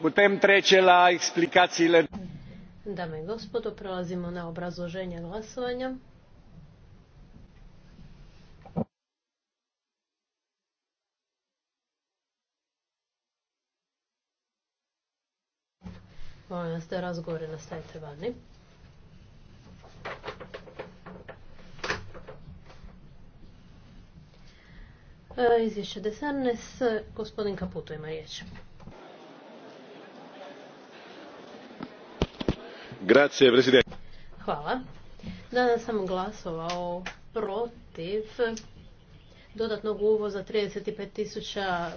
putem treće la Dame i gospodo, prelazimo na obrazloženje glasovanja. Molim vas da razgovore nastavite vani. E, izvješće Desernes, e, Gospodin Kaputo ima riječ. Grazie, presidente. Hvala. Danas sam glasovao protiv dodatnog uvoza 35 tisuća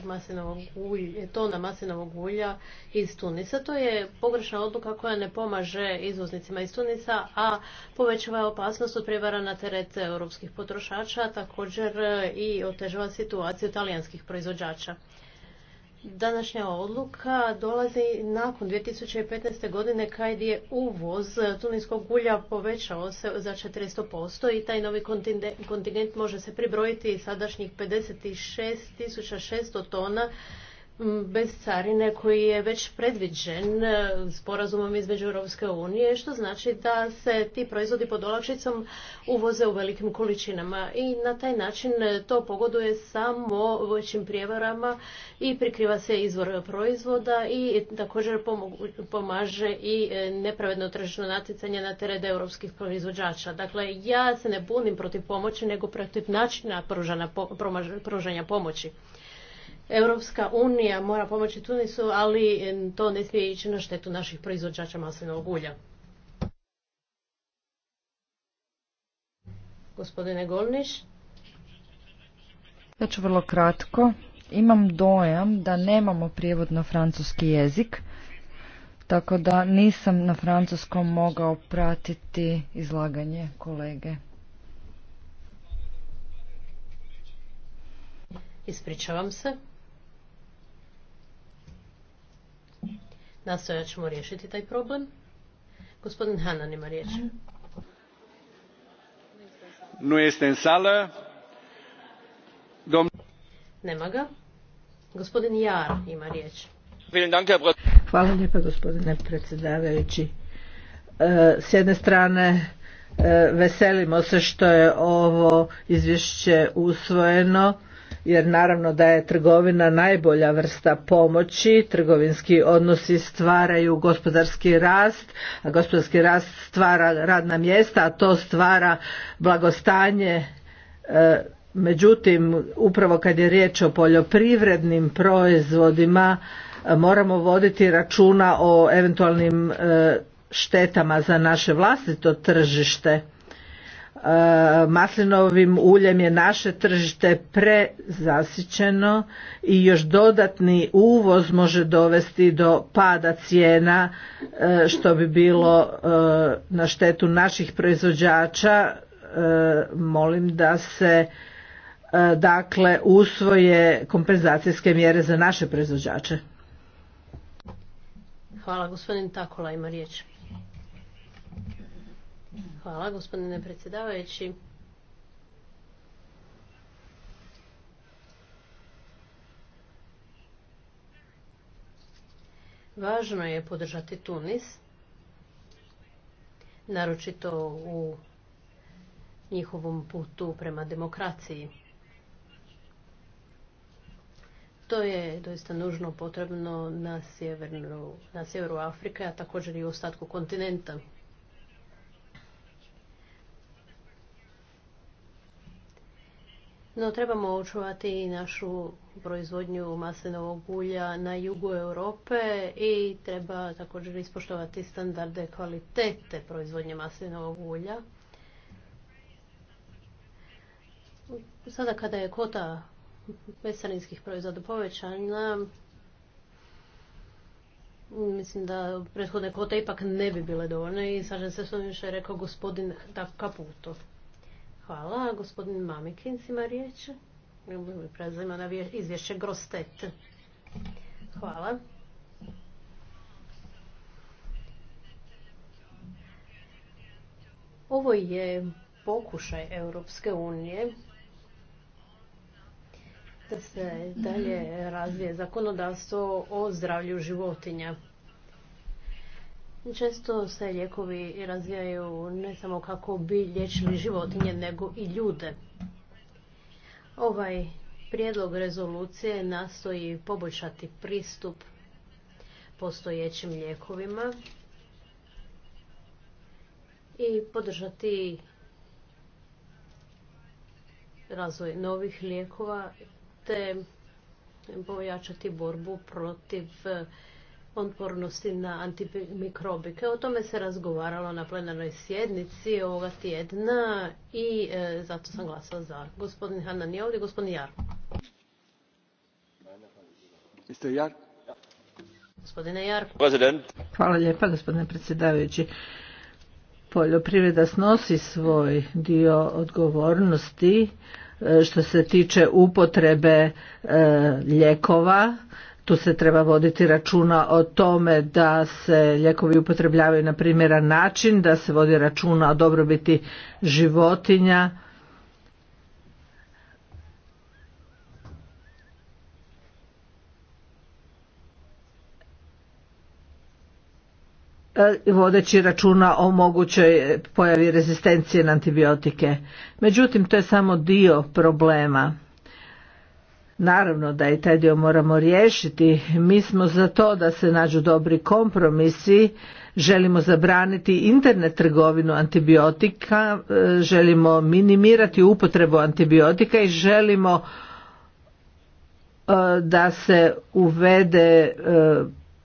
tona maslinovog ulja iz Tunisa. To je pogrešna odluka koja ne pomaže izvoznicima iz Tunisa, a povećava opasnost od prijevara na teret europskih potrošača, također i otežava situaciju talijanskih proizvođača. Današnja odluka dolazi nakon 2015. godine kad je uvoz tuninskog ulja povećao se za 400% i taj novi kontingent može se pribrojiti sadašnjih 56.600 tona bez carine koji je već predviđen e, sporazumom između Europske unije, što znači da se ti proizvodi pod olakšicom uvoze u velikim količinama i na taj način e, to pogoduje samo većim prijevarama i prikriva se izvor proizvoda i također pomaže i e, nepravedno tržišno natjecanje na teret europskih proizvođača. Dakle, ja se ne bunim protiv pomoći, nego protiv načina pružanja pomoći. Europska unija mora pomoći Tunisu, ali to ne smije ići na štetu naših proizvođača maslinovog ulja. Gospodine Golniš. Ja ću vrlo kratko. Imam dojam da nemamo prijevod na francuski jezik, tako da nisam na francuskom mogao pratiti izlaganje kolege. Ispričavam se. Nastojat ćemo riješiti taj problem. Gospodin Hanan ima riječ. Nema ga. Gospodin Jar ima riječ. Hvala lijepa gospodine predsjedavajući. E, s jedne strane e, veselimo se što je ovo izvješće usvojeno jer naravno da je trgovina najbolja vrsta pomoći, trgovinski odnosi stvaraju gospodarski rast, a gospodarski rast stvara radna mjesta, a to stvara blagostanje. E, međutim, upravo kad je riječ o poljoprivrednim proizvodima, e, moramo voditi računa o eventualnim e, štetama za naše vlastito tržište E, maslinovim uljem je naše tržište prezasićeno i još dodatni uvoz može dovesti do pada cijena e, što bi bilo e, na štetu naših proizvođača molim da se dakle usvoje kompenzacijske mjere za naše proizvođače. Hvala gospodin Takola ima riječ. Hvala gospodine predsjedavajući. Važno je podržati Tunis, naročito u njihovom putu prema demokraciji. To je doista nužno potrebno na sjeveru, na sjeveru Afrike, a također i u ostatku kontinenta. No trebamo očuvati i našu proizvodnju maslinovog ulja na jugu Europe i treba također ispoštovati standarde kvalitete proizvodnje maslinovog ulja. Sada kada je kota mesarinskih proizvoda povećana, mislim da prethodne kvote ipak ne bi bile dovoljne i slažem se s onim što je rekao gospodin Caputo. Hvala. Gospodin Mamikins ima riječ. Prezima na izvješće Grostet. Hvala. Ovo je pokušaj Europske unije da se dalje razvije zakonodavstvo o zdravlju životinja. Često se lijekovi razvijaju ne samo kako bi liječili životinje, nego i ljude. Ovaj prijedlog rezolucije nastoji poboljšati pristup postojećim lijekovima i podržati razvoj novih lijekova te pojačati borbu protiv otpornosti na antimikrobike. O tome se razgovaralo na plenarnoj sjednici ovoga tjedna i e, zato sam glasala za. Gospodin Hanan je ovdje, gospodin Jar. Gospodine Jar. Hvala lijepa gospodine predsjedavajući. Poljoprivreda snosi svoj dio odgovornosti e, što se tiče upotrebe e, lijekova. ljekova tu se treba voditi računa o tome da se ljekovi upotrebljavaju na primjeran način, da se vodi računa o dobrobiti životinja. E, vodeći računa o mogućoj pojavi rezistencije na antibiotike. Međutim, to je samo dio problema. Naravno da i taj dio moramo riješiti. Mi smo za to da se nađu dobri kompromisi. Želimo zabraniti internet trgovinu antibiotika, e, želimo minimirati upotrebu antibiotika i želimo e, da se uvede e,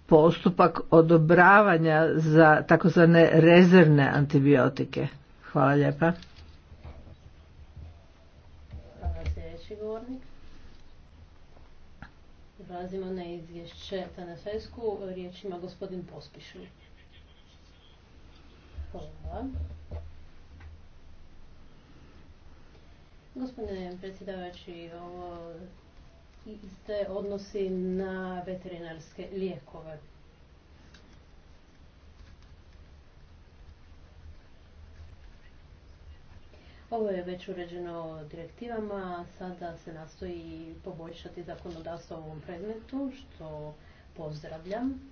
postupak odobravanja za takozvane rezervne antibiotike. Hvala lijepa. Prelazimo na izvješće na Riječ ima gospodin pospišu. Hvala. Gospodine predsjedavajući, ovo se odnosi na veterinarske lijekove. Ovo je već uređeno direktivama, sada se nastoji poboljšati zakonodavstvo u ovom predmetu, što pozdravljam.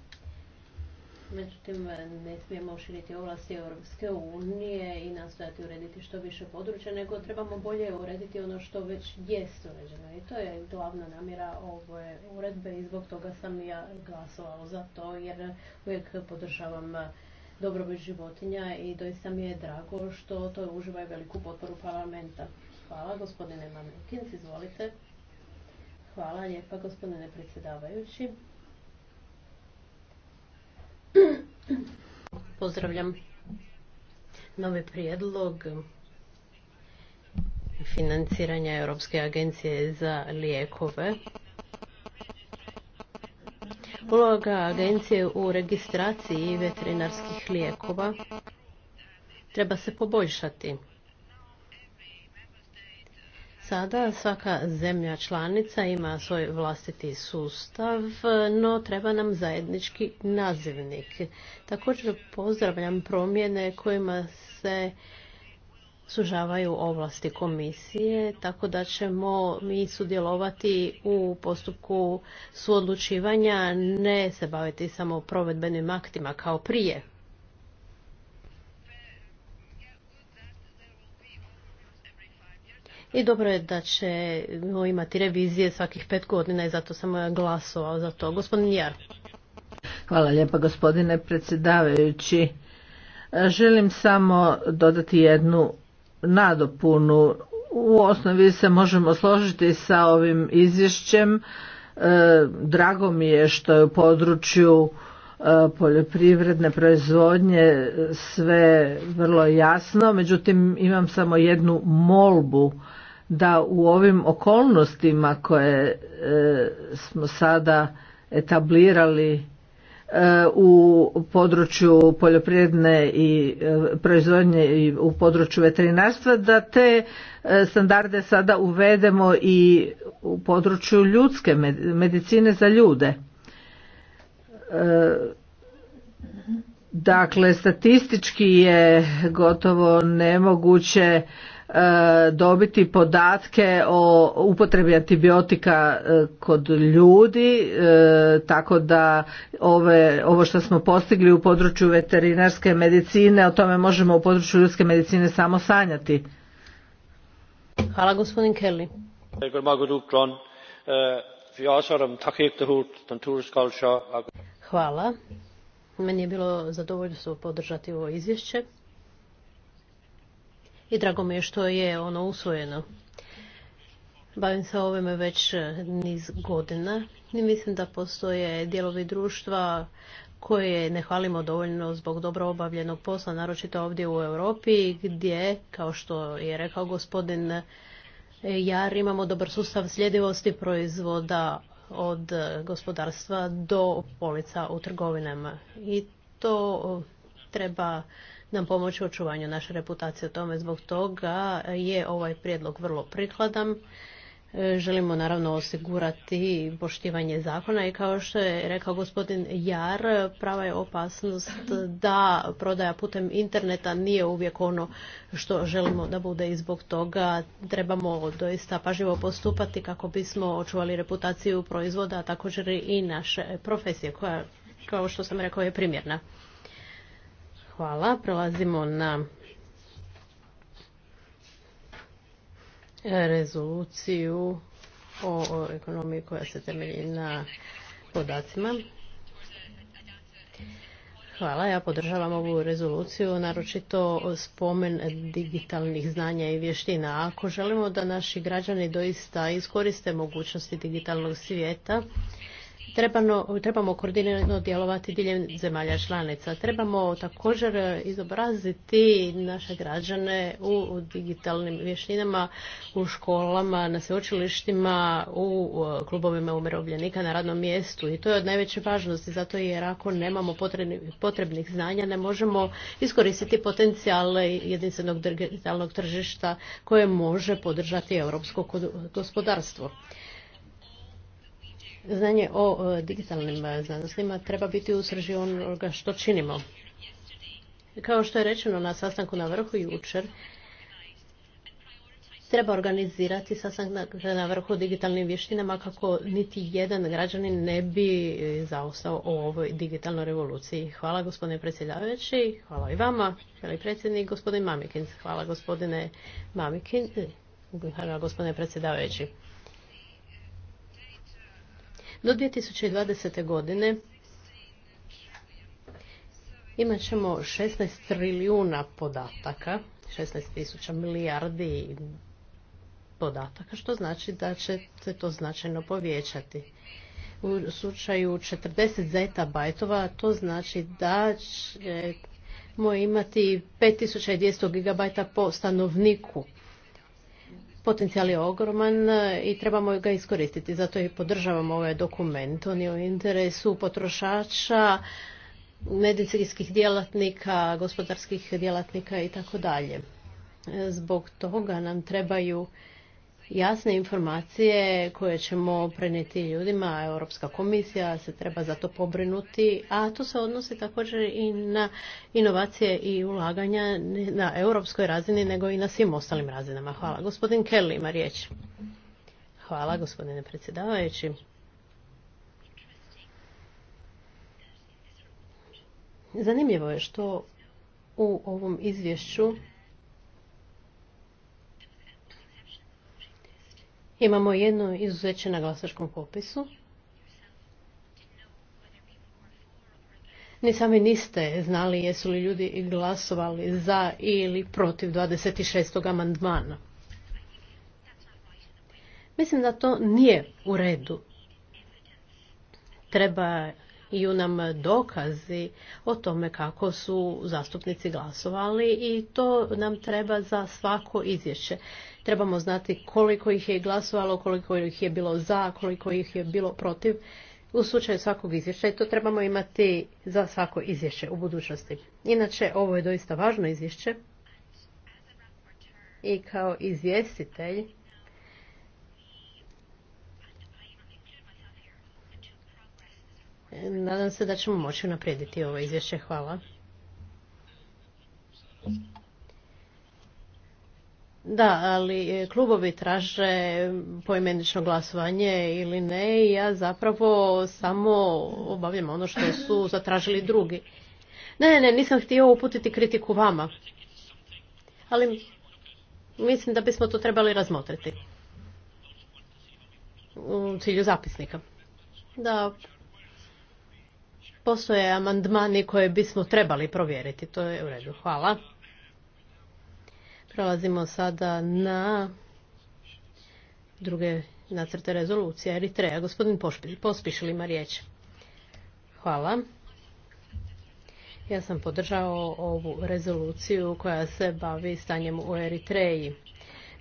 Međutim, ne smijemo širiti ovlasti Europske unije i nastojati urediti što više područja, nego trebamo bolje urediti ono što već jest uređeno. I to je glavna namjera ove uredbe i zbog toga sam ja glasovala za to, jer uvijek podržavam dobrobit životinja i doista mi je drago što to uživa veliku potporu parlamenta. Hvala, gospodine Mamekins, izvolite. Hvala lijepa, gospodine predsjedavajući. Pozdravljam novi prijedlog financiranja Europske agencije za lijekove Uloga agencije u registraciji veterinarskih lijekova treba se poboljšati. Sada svaka zemlja članica ima svoj vlastiti sustav, no treba nam zajednički nazivnik. Također pozdravljam promjene kojima se sužavaju ovlasti komisije, tako da ćemo mi sudjelovati u postupku suodlučivanja, ne se baviti samo provedbenim aktima kao prije. I dobro je da ćemo imati revizije svakih pet godina i zato sam glasovao za to. Gospodin Jar. Hvala lijepa gospodine predsjedavajući. Želim samo dodati jednu nadopunu. U osnovi se možemo složiti sa ovim izvješćem. E, drago mi je što je u području e, poljoprivredne proizvodnje sve vrlo jasno, međutim imam samo jednu molbu da u ovim okolnostima koje e, smo sada etablirali E, u području poljoprivredne i e, proizvodnje i u području veterinarstva da te e, standarde sada uvedemo i u području ljudske medicine za ljude. Dakle statistički je gotovo nemoguće E, dobiti podatke o upotrebi antibiotika e, kod ljudi e, tako da ove, ovo što smo postigli u području veterinarske medicine o tome možemo u području ljudske medicine samo sanjati. Hvala gospodin Kelly. Hvala. Meni je bilo zadovoljstvo podržati ovo izvješće i drago mi je što je ono usvojeno. Bavim se ovime već e, niz godina i mislim da postoje dijelovi društva koje ne hvalimo dovoljno zbog dobro obavljenog posla, naročito ovdje u Europi, gdje, kao što je rekao gospodin Jar, imamo dobar sustav sljedivosti proizvoda od gospodarstva do polica u trgovinama. I to treba nam pomoći u očuvanju naše reputacije o tome. Zbog toga je ovaj prijedlog vrlo prikladan. E, želimo naravno osigurati poštivanje zakona i kao što je rekao gospodin Jar, prava je opasnost da prodaja putem interneta nije uvijek ono što želimo da bude i zbog toga trebamo doista pažljivo postupati kako bismo očuvali reputaciju proizvoda, a također i naše profesije koja, kao što sam rekao, je primjerna. Hvala. Prelazimo na rezoluciju o ekonomiji koja se temelji na podacima. Hvala, ja podržavam ovu rezoluciju, naročito spomen digitalnih znanja i vještina. Ako želimo da naši građani doista iskoriste mogućnosti digitalnog svijeta, trebamo koordinirano djelovati diljem zemalja članica. Trebamo također izobraziti naše građane u digitalnim vještinama, u školama, na sveučilištima, u klubovima umirovljenika na radnom mjestu. I to je od najveće važnosti, zato jer ako nemamo potrebnih znanja, ne možemo iskoristiti potencijale jedinstvenog digitalnog tržišta koje može podržati europsko gospodarstvo. Znanje o e, digitalnim e, znanostima treba biti u srži onoga što činimo. Kao što je rečeno na sastanku na vrhu jučer, treba organizirati sastanak na vrhu digitalnim vještinama kako niti jedan građanin ne bi e, zaostao o ovoj digitalnoj revoluciji. Hvala gospodine predsjedavajući, hvala i vama, i predsjednik gospodin Mamikin. Hvala gospodine Mamikin, hvala gospodine predsjedavajući. Do 2020. godine imat ćemo 16 trilijuna podataka, 16 tisuća milijardi podataka, što znači da će se to značajno povećati. U slučaju 40 bajtova to znači da ćemo imati 5200 gigabajta po stanovniku. Potencijal je ogroman e, i trebamo ga iskoristiti. Zato i podržavamo ovaj dokument. On je u interesu potrošača, medicinskih djelatnika, gospodarskih djelatnika i tako dalje. E, zbog toga nam trebaju jasne informacije koje ćemo prenijeti ljudima. Europska komisija se treba za to pobrinuti, a to se odnosi također i na inovacije i ulaganja na europskoj razini nego i na svim ostalim razinama. Hvala. Gospodin Kelly ima riječ. Hvala gospodine predsjedavajući. Zanimljivo je što u ovom izvješću Imamo jedno izuzeće na glasačkom popisu. Ni sami niste znali jesu li ljudi glasovali za ili protiv 26. amandmana. Mislim da to nije u redu. Treba ju nam dokazi o tome kako su zastupnici glasovali i to nam treba za svako izvješće trebamo znati koliko ih je glasovalo, koliko ih je bilo za, koliko ih je bilo protiv. U slučaju svakog izvješća i to trebamo imati za svako izvješće u budućnosti. Inače, ovo je doista važno izvješće i kao izvjestitelj Nadam se da ćemo moći unaprijediti ovo izvješće. Hvala. Da, ali e, klubovi traže poimenično glasovanje ili ne ja zapravo samo obavljam ono što su zatražili drugi. Ne, ne, nisam htio uputiti kritiku vama. Ali mislim da bismo to trebali razmotriti. U cilju zapisnika. Da, postoje amandmani koje bismo trebali provjeriti. To je u redu. Hvala. Prelazimo sada na druge nacrte rezolucije Eritreja. Gospodin Pospiš ima riječ. Hvala. Ja sam podržao ovu rezoluciju koja se bavi stanjem u Eritreji.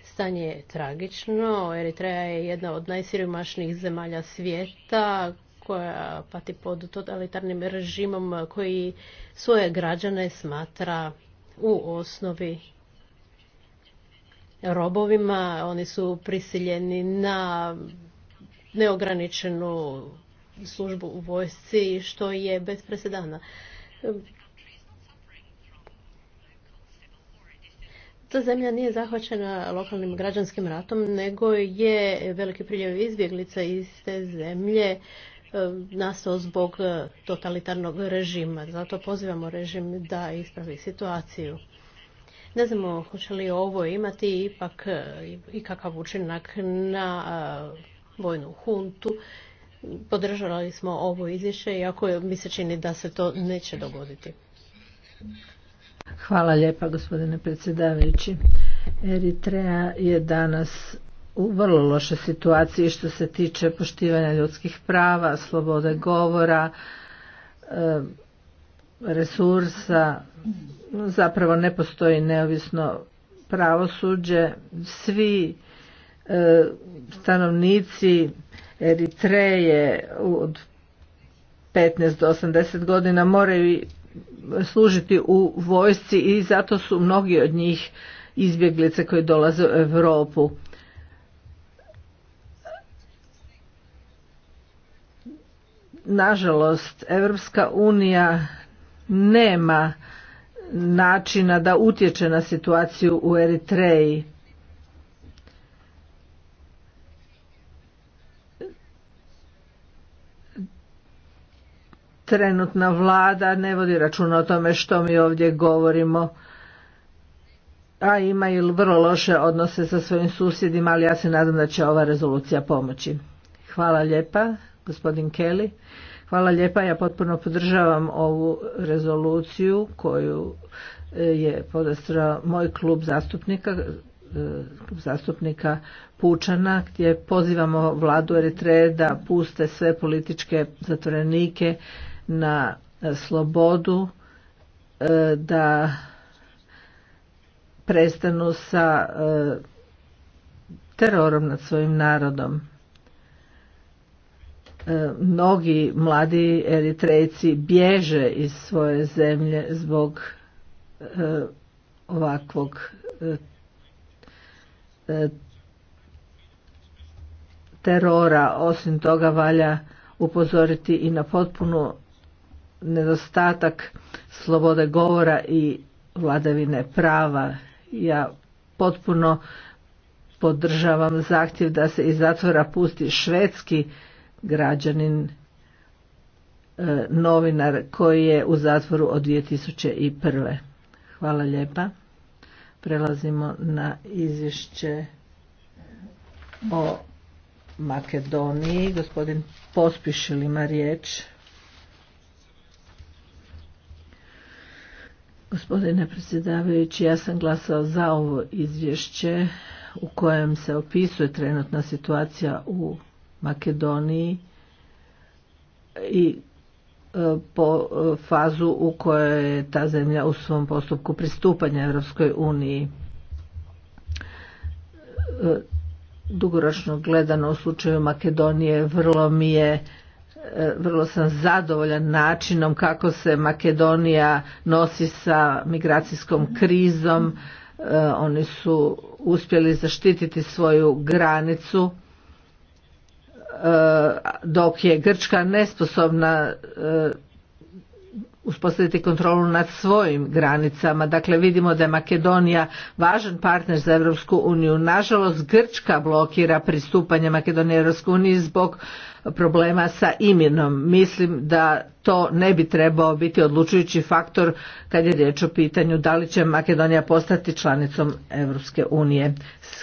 Stanje je tragično. Eritreja je jedna od najsiromašnijih zemalja svijeta koja pati pod totalitarnim režimom koji svoje građane smatra u osnovi robovima, oni su prisiljeni na neograničenu službu u vojsci, što je bez presedana. Ta zemlja nije zahvaćena lokalnim građanskim ratom, nego je veliki priljev izbjeglica iz te zemlje e, nastao zbog totalitarnog režima. Zato pozivamo režim da ispravi situaciju. Ne znamo hoće li ovo imati ipak e, i ikakav učinak na e, vojnu huntu. Podržali smo ovo izvješće, iako mi se čini da se to neće dogoditi. Hvala lijepa gospodine predsjedavajući. Eritreja je danas u vrlo loše situaciji što se tiče poštivanja ljudskih prava, slobode govora, e, resursa zapravo ne postoji neovisno pravosuđe svi e, stanovnici Eritreje od 15 do 80 godina moraju služiti u vojsci i zato su mnogi od njih izbjeglice koji dolaze u Europu nažalost Europska unija nema načina da utječe na situaciju u Eritreji. Trenutna vlada ne vodi računa o tome što mi ovdje govorimo, a ima i vrlo loše odnose sa svojim susjedima, ali ja se nadam da će ova rezolucija pomoći. Hvala lijepa, gospodin Kelly. Hvala lijepa, ja potpuno podržavam ovu rezoluciju koju e, je podastrao moj klub zastupnika e, zastupnika Pučana gdje pozivamo vladu Eritreje da puste sve političke zatvorenike na slobodu e, da prestanu sa terorom nad svojim narodom. E, mnogi mladi eritrejci bježe iz svoje zemlje zbog e, ovakvog e, terora. Osim toga valja upozoriti i na potpuno nedostatak slobode govora i vladavine prava. Ja potpuno podržavam zahtjev da se iz zatvora pusti švedski građanin e, novinar koji je u zatvoru od 2001. Hvala lijepa. Prelazimo na izvješće o Makedoniji. Gospodin Pospišil ima riječ. Gospodine predsjedavajući, ja sam glasao za ovo izvješće u kojem se opisuje trenutna situacija u Makedoniji i e, po fazu u kojoj je ta zemlja u svom postupku pristupanja Europskoj uniji. E, dugoročno gledano u slučaju Makedonije vrlo mi je e, vrlo sam zadovoljan načinom kako se Makedonija nosi sa migracijskom krizom. Oni su uspjeli zaštititi svoju granicu dok je Grčka nesposobna e, uspostaviti kontrolu nad svojim granicama. Dakle, vidimo da je Makedonija važan partner za Europsku uniju. Nažalost, Grčka blokira pristupanje Makedonije Europskoj uniji zbog problema sa imenom. Mislim da to ne bi trebao biti odlučujući faktor kad je riječ o pitanju da li će Makedonija postati članicom Europske unije.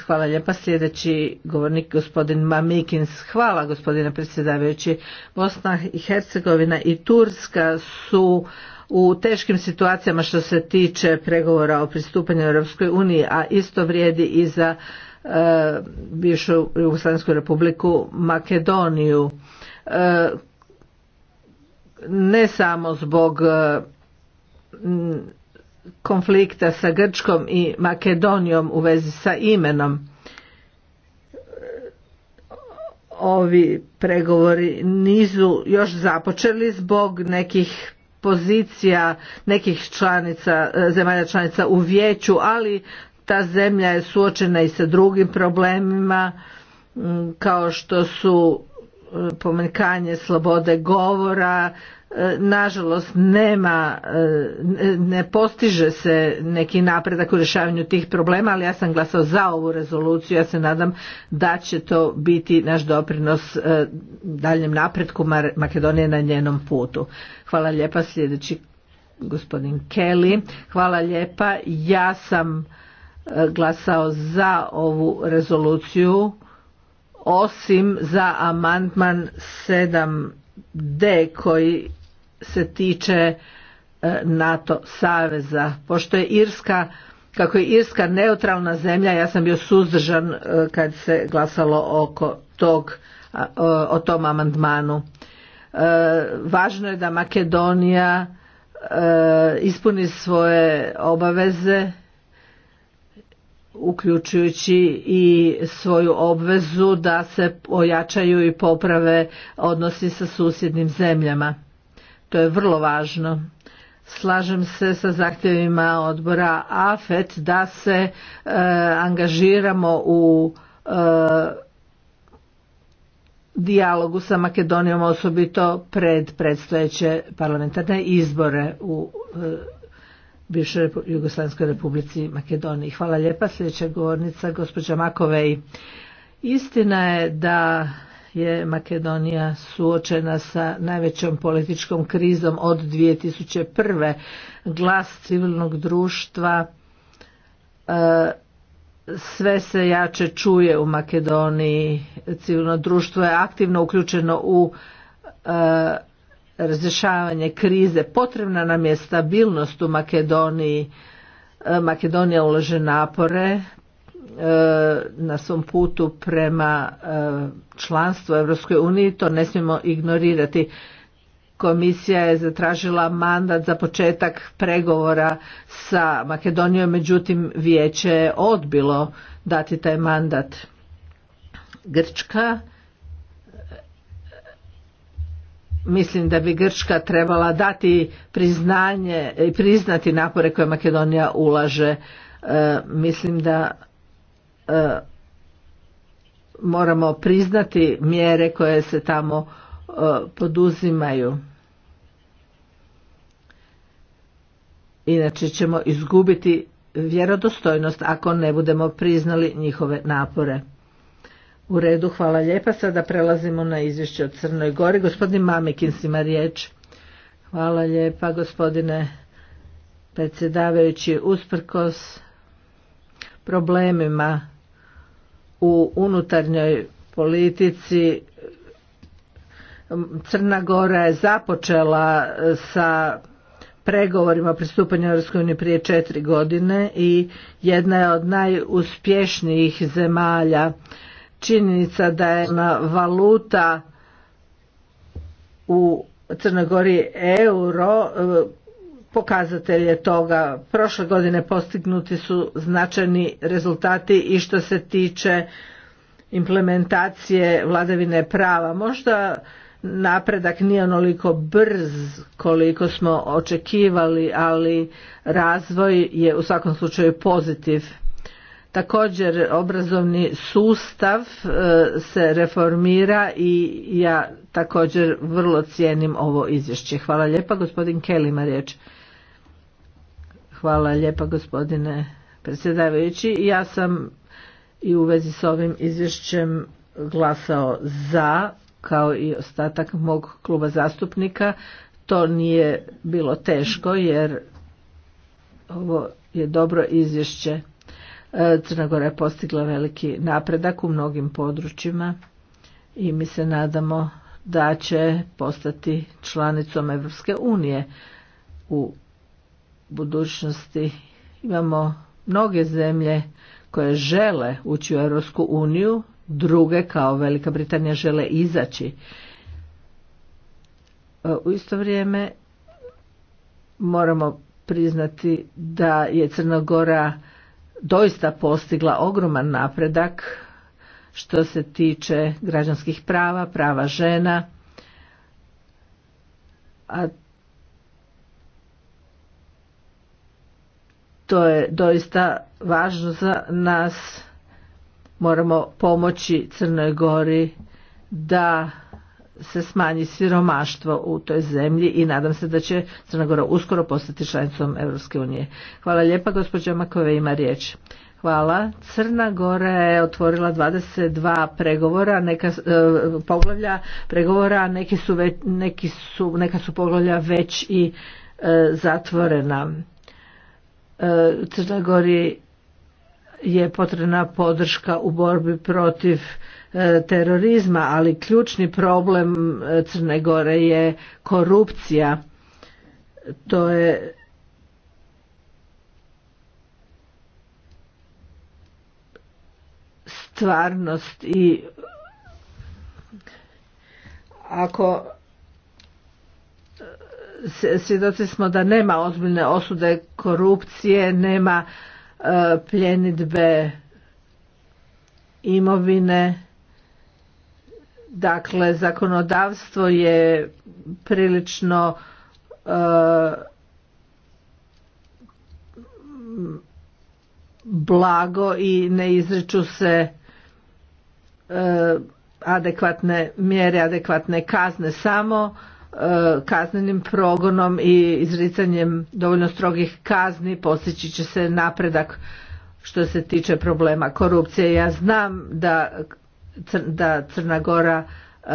Hvala lijepa sljedeći govornik gospodin Mamikins. Hvala gospodine predsjedavajući. Bosna i Hercegovina i Turska su u teškim situacijama što se tiče pregovora o pristupanju Europskoj uniji, a isto vrijedi i za E, bivšu Jugoslavensku republiku Makedoniju. E, ne samo zbog e, konflikta sa Grčkom i Makedonijom u vezi sa imenom. Ovi pregovori nisu još započeli zbog nekih pozicija nekih članica, zemalja članica u vijeću, ali ta zemlja je suočena i sa drugim problemima kao što su e, pomenkanje slobode govora e, nažalost nema e, ne postiže se neki napredak u rješavanju tih problema ali ja sam glasao za ovu rezoluciju ja se nadam da će to biti naš doprinos daljem napretku Makedonije na njenom putu hvala lijepa sljedeći gospodin Kelly hvala lijepa ja sam glasao za ovu rezoluciju osim za amandman 7D koji se tiče e, NATO saveza. Pošto je Irska, kako je Irska neutralna zemlja, ja sam bio suzdržan e, kad se glasalo oko tog, o tom amandmanu. E, važno je da Makedonija ispuni svoje obaveze uključujući i svoju obvezu da se ojačaju i poprave odnosi sa susjednim zemljama. To je vrlo važno. Slažem se sa zahtjevima odbora AFET da se e, angažiramo u e, dijalogu sa Makedonijom osobito pred predstojeće parlamentarne izbore u e, bivšoj Jugoslavijskoj republici Makedoniji. Hvala lijepa. Sljedeća govornica, gospođa Makovej. Istina je da je Makedonija suočena sa najvećom političkom krizom od 2001. Glas civilnog društva e, sve se jače čuje u Makedoniji. Civilno društvo je aktivno uključeno u e, razrješavanje krize. Potrebna nam je stabilnost u Makedoniji. E, Makedonija ulaže napore e, na svom putu prema e, članstvu Europskoj uniji, to ne smijemo ignorirati. Komisija je zatražila mandat za početak pregovora sa Makedonijom, međutim vijeće je odbilo dati taj mandat. Grčka mislim da bi Grčka trebala dati priznanje i priznati napore koje Makedonija ulaže. E, mislim da e, moramo priznati mjere koje se tamo e, poduzimaju. Inače ćemo izgubiti vjerodostojnost ako ne budemo priznali njihove napore. U redu, hvala lijepa. Sada prelazimo na izvješće o Crnoj Gori. Gospodin Mamikins ima riječ. Hvala lijepa gospodine predsjedavajući. Usprkos problemima u unutarnjoj politici Crna Gora je započela sa pregovorima o pristupanju Europskoj uniji prije četiri godine i jedna je od najuspješnijih zemalja činjenica da je valuta u Crnoj Gori euro e, pokazatelje toga. Prošle godine postignuti su značajni rezultati i što se tiče implementacije vladavine prava. Možda napredak nije onoliko brz koliko smo očekivali, ali razvoj je u svakom slučaju pozitiv. Također obrazovni sustav e, se reformira i ja također vrlo cijenim ovo izvješće. Hvala lijepa gospodin Kelima riječ. Hvala lijepa gospodine predsjedavajući. Ja sam i u vezi s ovim izvješćem glasao za kao i ostatak mog kluba zastupnika. To nije bilo teško jer ovo je dobro izvješće. E, Crna Gora je postigla veliki napredak u mnogim područjima i mi se nadamo da će postati članicom Evropske unije u budućnosti. Imamo mnoge zemlje koje žele ući u Europsku uniju, druge kao Velika Britanija žele izaći. E, u isto vrijeme moramo priznati da je Crna Gora doista postigla ogroman napredak što se tiče građanskih prava, prava žena, a to je doista važno za nas. Moramo pomoći Crnoj Gori da se smanji siromaštvo u toj zemlji i nadam se da će Crna Gora uskoro postati članicom Europske unije. Hvala lijepa, gospođa Makove ima riječ. Hvala. Crna Gora je otvorila 22 pregovora, neka e, poglavlja pregovora, neki su neki su, neka su poglavlja već i e, zatvorena. E, Crna Gori je potrebna podrška u borbi protiv E, terorizma, ali ključni problem e, Crne Gore je korupcija. To je stvarnost i ako e, svjedoci smo da nema ozbiljne osude korupcije, nema pljenidbe imovine Dakle, zakonodavstvo je prilično e, blago i ne izriču se e, adekvatne mjere, adekvatne kazne samo e, kaznenim progonom i izricanjem dovoljno strogih kazni postići će se napredak što se tiče problema korupcije. Ja znam da da Crna Gora e,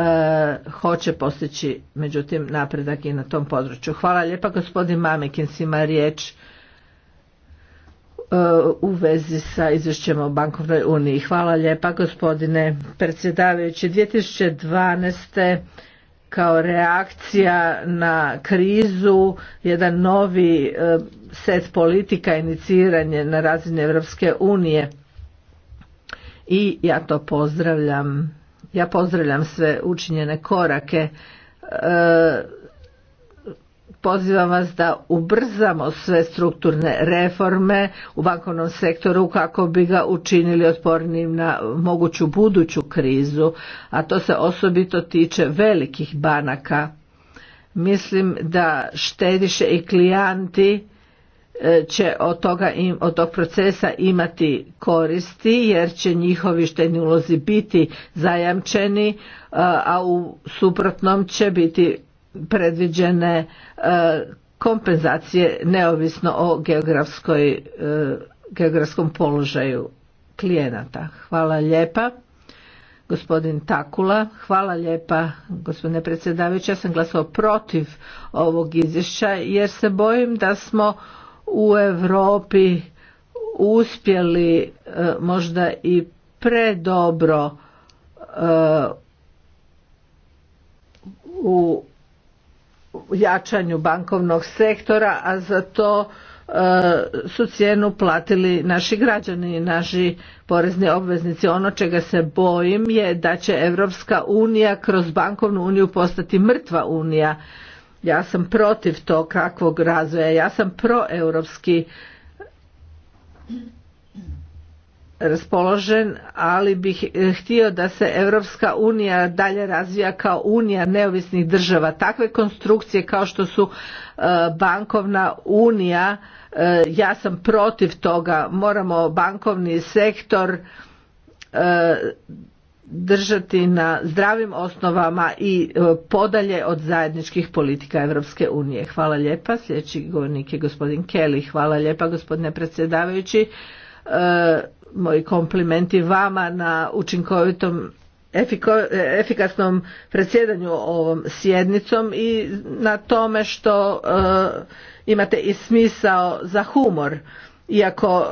hoće postići međutim napredak i na tom području. Hvala lijepa gospodin si ima riječ e, u vezi sa izvješćem o bankovnoj uniji. Hvala lijepa gospodine predsjedavajući. 2012 kao reakcija na krizu jedan novi e, set politika iniciranje na razini Europske unije i ja to pozdravljam. Ja pozdravljam sve učinjene korake. E, pozivam vas da ubrzamo sve strukturne reforme u bankovnom sektoru kako bi ga učinili otpornim na moguću buduću krizu, a to se osobito tiče velikih banaka. Mislim da štediše i klijanti E, će od, toga, od tog procesa imati koristi jer će njihovi štedni ulozi biti zajamčeni, e, a u suprotnom će biti predviđene e, kompenzacije neovisno o geografskoj, geografskom položaju klijenata. Hvala lijepa. Gospodin Takula, hvala lijepa gospodine predsjedavajući, ja sam glasao protiv ovog izvješća jer se bojim da smo u Europi uspjeli e, možda i predobro e, u jačanju bankovnog sektora, a za to e, su cijenu platili naši građani i naši porezni obveznici. Ono čega se bojim je da će Europska unija kroz bankovnu uniju postati mrtva unija ja sam protiv to kakvog razvoja, ja sam proeuropski raspoložen, ali bih eh, htio da se Europska unija dalje razvija kao unija neovisnih država. Takve konstrukcije kao što su eh, bankovna unija, eh, ja sam protiv toga. Moramo bankovni sektor držati na zdravim osnovama i e, podalje od zajedničkih politika Europske unije. Hvala lijepa. Sljedeći govornik je gospodin Kelly. Hvala lijepa gospodine predsjedavajući. E, moji komplimenti vama na učinkovitom e, efikasnom predsjedanju ovom sjednicom i na tome što imate i smisao za humor iako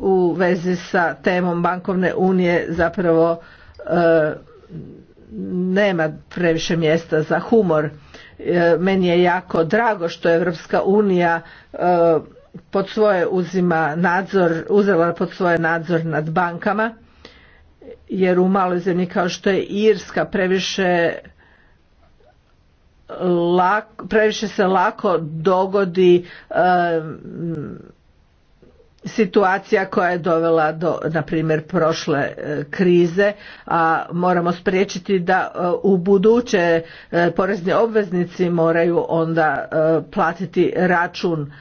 u vezi sa temom bankovne unije zapravo e, nema previše mjesta za humor. E, meni je jako drago što Europska unija e, pod svoje uzima nadzor, uzela pod svoje nadzor nad bankama jer u maloj zemlji kao što je Irska previše previše se lako dogodi situacija koja je dovela do na primjer prošle e, krize a moramo spriječiti da e, u buduće e, porezni obveznici moraju onda platiti račun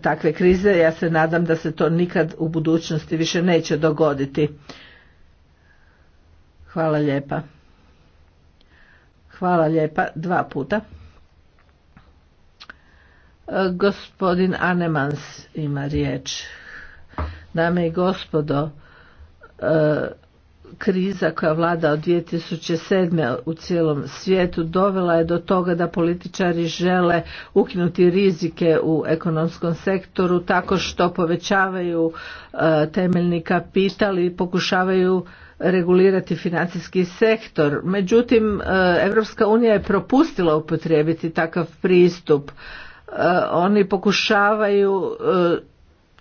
takve krize ja se nadam da se to nikad u budućnosti više neće dogoditi hvala lijepa hvala lijepa dva puta Gospodin Anemans ima riječ. Dame i gospodo, e, kriza koja vlada od 2007. u cijelom svijetu dovela je do toga da političari žele ukinuti rizike u ekonomskom sektoru tako što povećavaju e, temeljni kapital i pokušavaju regulirati financijski sektor. Međutim, Europska unija je propustila upotrijebiti takav pristup E, oni pokušavaju e,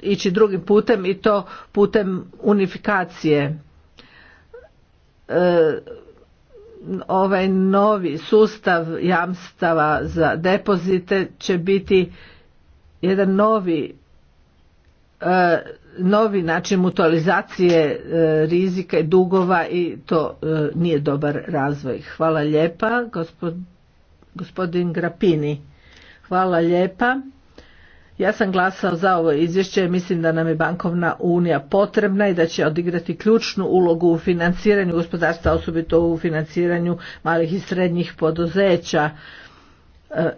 ići drugim putem i to putem unifikacije e, ovaj novi sustav jamstava za depozite će biti jedan novi novi način mutualizacije rizika i dugova i to nije dobar razvoj. Hvala lijepa, gospodin Grapini. Hvala lijepa. Ja sam glasao za ovo izvješće mislim da nam je bankovna unija potrebna i da će odigrati ključnu ulogu u financiranju gospodarstva, osobito u financiranju malih i srednjih poduzeća. E,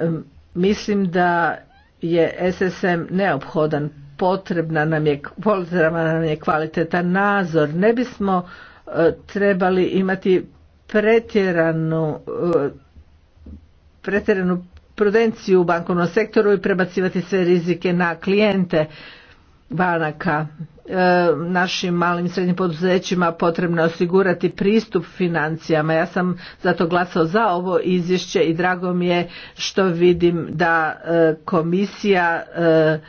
mislim da je SSM neophodan, potrebna nam je, potrebna nam je kvalitetan nazor. Ne bismo e, trebali imati pretjeranu e, pretjeranu prudenciju u bankovnom sektoru i prebacivati sve rizike na klijente banaka. E, našim malim i srednjim poduzećima potrebno je osigurati pristup financijama. Ja sam zato glasao za ovo izvješće i drago mi je što vidim da e, komisija e,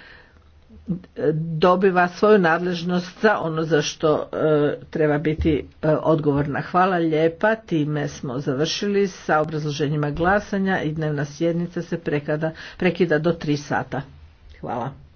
dobiva svoju nadležnost za ono za što e, treba biti e, odgovorna. Hvala lijepa, time smo završili sa obrazloženjima glasanja i dnevna sjednica se prekida do 3 sata. Hvala.